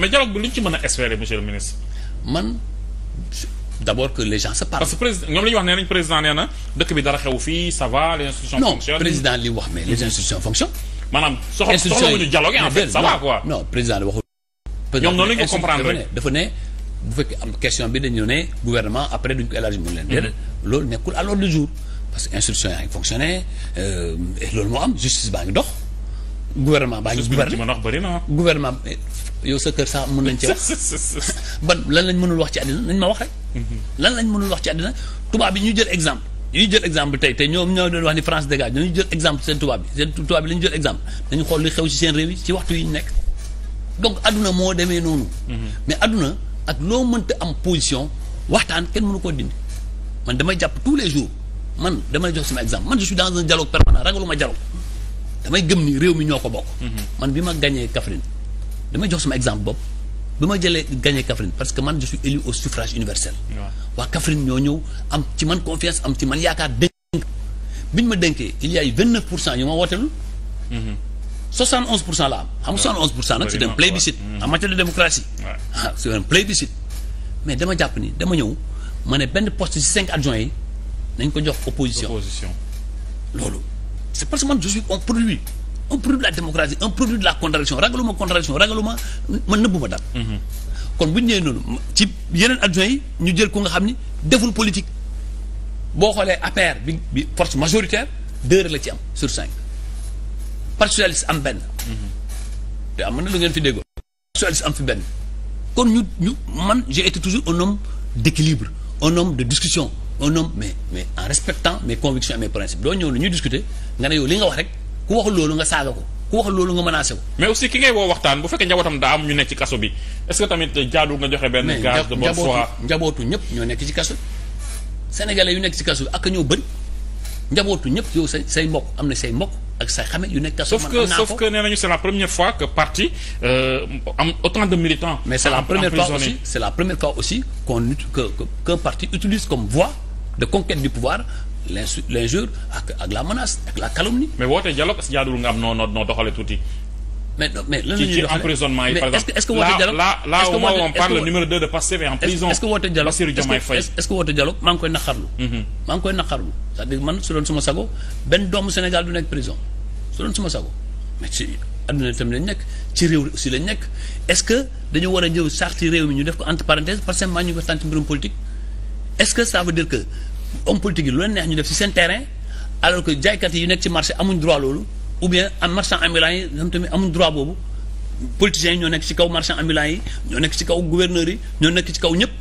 mais dialogue bi lu ñu ci mën a espérer monsieur le ministre. man d'abord que les gens se parce que président ñoom la ñuy wax nee nañ président nee na dëkk bi dara xew fii ça va les institutions. fonctionnent non président li wax mais les institutions fonctionnent. maanaam soxla soxla dialogue en fait ça non président li waxul. ñoom noonu comprendre rek dafa ne bu fekkee am question bi ne gouvernement après duñ ko élargir mu leen. Mm-hmm. loolu nekkul à l'ordre du jour parce que institution yaa ngi fonctionné euh, loolu moo am justice baa ngi dox. gouvernement baa ngi gouvernement gouvernement yow sa kër sax mën nañ ci wax ban lan lañ mënul wax ci àddina nañ ma wax rek mhm. lan lañ mënul wax ci àddina tubaab bi ñu jël exemple ñu jël exemple tey te ñoom ñoo doon wax ni France dégage ñu jël exemple seen tubaab bi seen tubaab bi la ñu jël exemple dañu xool li xew ci seen réew yi ci waxtu yi ñu nekk donc àdduna moo demee noonu mhm. mais adduna ak loo mënta am position waxtaan kenn mënu koo dindi man damay jàpp tous les jours man damay jox sama exemple man je suis dans un dialogue permanent damay gëm ni réew mi ñoo ko bokk. Mhm. man bi ma gagné Kaffrine damay jox sama exemple bopp bi ma jëlee gagné Kaffrine parce que man je suis élu au suffrage universel. waa Kaffrine ñoo ñëw am ci man confiance am ci man yaakaar dénk. bi ñu ma dénkee il y a eu pour cent yi ma wooteelul. 71 mhm. pour cent la am. am nga 71 pour cent nag c'est un plébiscite. Mhm. en matière de démocratie. waaw ah, mais dama jàpp ni dama ñëw ma ne benn poste ci cinq adjoints yi nañ ko jox opposition. loolu. c'est parce que man je suis un produit un produit de la démocratie un produit de la contradiction ragaluma contradiction ragaluma man nëbbuma daal mhm. kon bu ñu ñëwee noonu ci yeneen adjoint yi ñu jël ko nga xam ni deful politique boo xoolee APR bi bi force majoritaire deux la ci am sur cinq parti socialiste am benn mhm. te am na lu ngeen fi déggoo parti socialiste am fi benn kon ñu ñu man j'ai été toujours un homme d'équilibre un homme de discussion un homme mais mais en respectant mes convictions et mes principes doo ñëw ne ñuy discuter nga ne yow li nga wax rek ku waxul loolu nga saaga ko ku wax loolu nga menacé ko. mais aussi ki ngay woo waxtaan ñëpp ñoo nekk ci kaso sénégalais yu nekk ci kaso bi ak ñoo bëri njabootu ñëpp yow say say mbokk am na say mbokk ak say yu nekk kaso sauf que sauf que nee euh, mais c'est la première fois aussi c'est la première fois utilise comme voie de conquête du pouvoir l'injure ak la menace ak la calomnie. mais woote dialogue est-ce que jaadul nga am noo noo doxalee tuuti. mais mais lan la ñuy doxalee ci ci emprisonnement yi par exemple. est-ce que woote dialogue là là là au moins on parle numéro 2 de Pastef est en prison. est-ce que woote dialogue Bassirou Diomaye Faye est-ce que woote dialogue maa ngi koy naqarlu. Mhm. maa ngi koy naqarlu c'est-à-dire man su doon suma sago benn doomu Sénégal du nekk prison su doon suma sago mais ci adduna tamit lañ nekk ci réew aussi lañ nekk est-ce que dañu war a jël charte réew mi ñu def ko entre parenthèses parce que ñu ko tànn ci mbirum politique est-ce que ça veut dire que homme politique yi lu leen neex ñu def si seen terrain alors que jaaykat yi yu nekk ci marché amuñ droit loolu ou bien am marchand ambulant yi ñoom tamit amuñ droit boobu politiciens yi ñoo nekk ci kaw marchand amilan yi ñoo nekk ci kaw gouverneurs yi ñoo nekk ci kaw ñëpp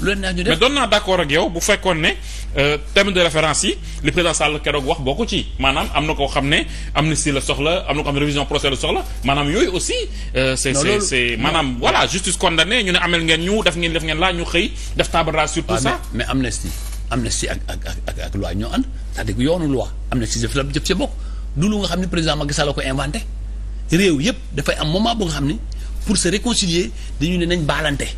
lu leen neex ñu def mais doon naa d' ak yow bu fekkoon ne euh, thème de référence yi li président Sall keroog wax am na koo xam ne amnistie la soxla am na koo xam ne révision procès la soxla maanaam yooyu aussi. Euh, non c' est c' est maanaam voilà justice ngeen ñu def def ngeen laa ñu xëy def table mais amnistie amnistie ak ak ak ak loi ñoo ànd c'est-à-dire yoonu loi amnistie daf bokk du lu ne président Macky Sall la ko inventé réew yëpp dafay am moment bu nga xam ni pour se réconcilier dañu ne nañ baalante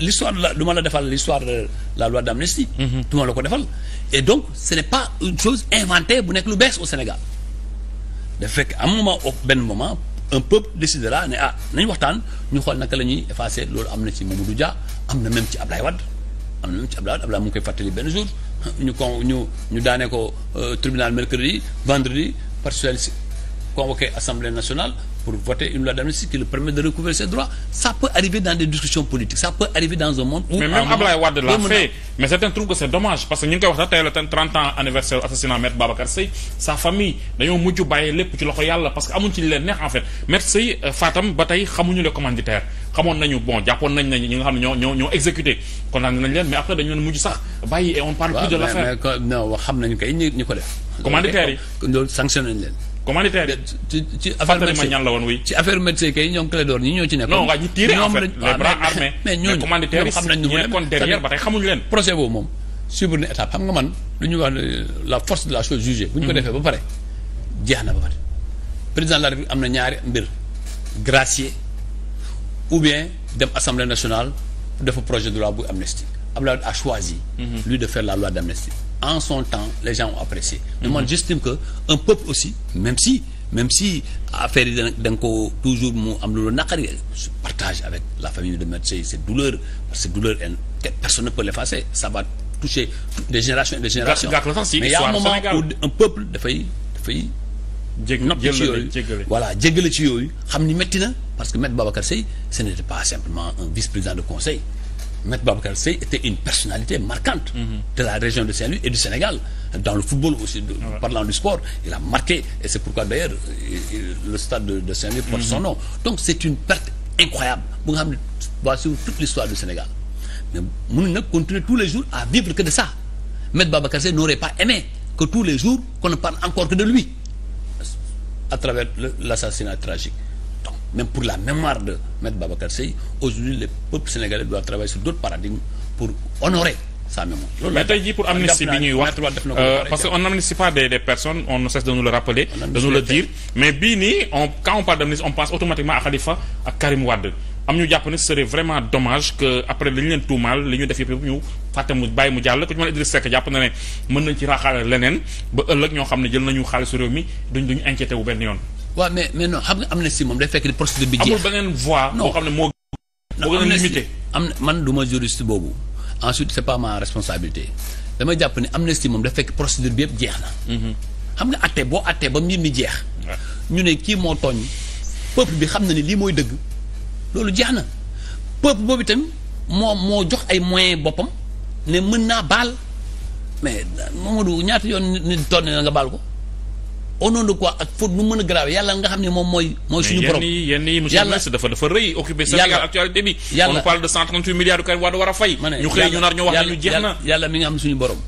l'histoire la du ma la defal l'histoire de la loi d'amnistie ma mhm. la ko defal et donc ce n'est pas une chose inventée bu nekk lu bees au Sénégal da fekk à un moment benn moment un peuple décidera ne ah nañ waxtaan ñu xool naka la ñuy effacer loolu am na ci Mamadou Dia am na même ci Ablaye Wade am na même ci Ablaye Wade Ablaye mu ngi koy fàttali benn jour ñu kon ñu ñu daanee ko euh, tribunal mercredi vendredi parcelle convoqué assemblée nationale pour voter une loi d'amnistie qui permet de recouvrer ses droits ça peut arriver dans des discussions politiques ça peut arriver dans un monde où mais même Ablaye Wade l'a fait mais certains trouvent que c'est dommage parce que ñu ngi wax sax tey la ten 30 ans anniversaire assassinat Maître Babacar Seye sa famille dañoo mujj bàyyi lépp ci loxo yàlla parce que amuñ ci leen xamoon nañu bon jàppoon nañ nañ ñi nga xam ne ñoo ñoo ñoo exécuté commanditaire ci ci affaire médecin ñan la woon wuy ci affaire médecin kay ñoom Clédor ñi ñoo ci nekkoon. non waa ñi tiire en fait les ah, bras armés mais ñooñu commanditaire xam nañ ñu nekkoon derrière ba boobu moom suivre na étape xam nga man lu ñuy wax la force de la chose jugée bu ñu ko mhm. defee ba pare jeex na ba pare président de la république am na ñaari mbir gracier ou bien dem assemblée nationale dafa projet de loi bu amnistie Abdoulaye a choisi mhm. lui de faire la loi d'amnistie en son temps les gens ont apprécié mais mhm. man j'estime que un peuple aussi même si même si affaire ko toujours mu am loolu naqari je partage avec la famille de Me Seye cette douleur parce que douleur personne ne peut l'effacer ça va toucher des générations et des mais il a un moment où un peuple dafay dafay nopp ci yooyu voilà jéggale ci yooyu xam ni métti na parce que Maître Babacar Seye ce n'était Maître Babacar Seye était une personnalité marquante mhm. de la région de Saint-Louis et du Sénégal dans le football aussi de, ah parlant du sport il a marqué et c'est pourquoi d'ailleurs le stade de, de Saint-Louis porte mhm. son nom donc c'est une perte incroyable bu nga xam ne va suivre toute l'histoire du Sénégal mais mënuñ nag continuer tous les jours à vivre que de ça Maître Babacar Seye n'aurait pas aimé que tous les jours qu'on ne parle encore que de lui à travers l'assassinat tragique même pour la mémoire de Maître Babacar Seye aujourd'hui le peuple sénégalais doit travailler sur d'autres paradigmes pour honorer sa mémoire. loolu jii pour amnistie bi ñuy wax euh, parce que on n'amnistie pas des personnes on ne cesse de nous rappeler. de nous le mais bii nii on quand on parle d'amnistie on pense automatiquement à Khalifa ak Karim Wade. am ñu jàpp ne serait vraiment dommage que après li ñu leen tuumaal li ñu def yëpp ñu fàtte mu bàyyi mu jàll ku ci a leneen ba xam ne jël nañu xaalisu réew mi duñ duñ inquiété wu benn yoon. waaw mais mais non xam nga amnistie moom day fekk ni procédure bi. jeex amul beneen voie. boo xam ne moo moo gën a limité am man du ma juriste boobu ensuite c'est pas ma responsabilité damay jàpp ne amnistie moom day fekk procédure bi yëpp jeex na. Mhm. xam nga àtte boo àttee ba mbir mi jeex. ñu ne kii moo tooñ peuple bi xam na ni lii mooy dëgg loolu jeex na peuple boobu itam moo moo jox ay moyen boppam ne mën naa baal mais Mamadou ñaata yoon nit ton na nga baal ko. au nom de quoi ak faute nu mën a grave yàlla nga xam ne moom mooy mooy suñu borom yenn yi monsieur le dafa dafa rëy occupé Sénégal actualité bi de 138 yàlla mi nga xam ne suñu borom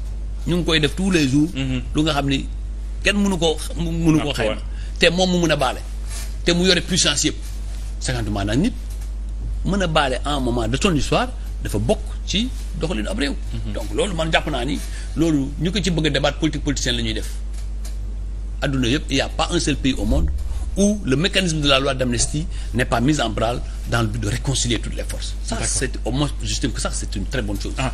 ñu ngi koy def tous les jours mhm. lu nga xam ne kenn mënu koo mënu koo xayma te moom mu mën a baale te mu yore puissance yëpp cinquante nag nit mën a baale en un moment de son histoire dafa bokk ci doxalinu ab réew mhm. donc loolu man jàpp naa ni loolu ñu ko ci bëgg a débat politique la ñuy def adduna yëpp il n'y a pas un seul pays au monde où le mécanisme de la loi d'amnistie n'est pas mis en branle dans le but de réconcilier toutes les forces ça c'est au moins j'estime que ça c'est une très bonne chose ah.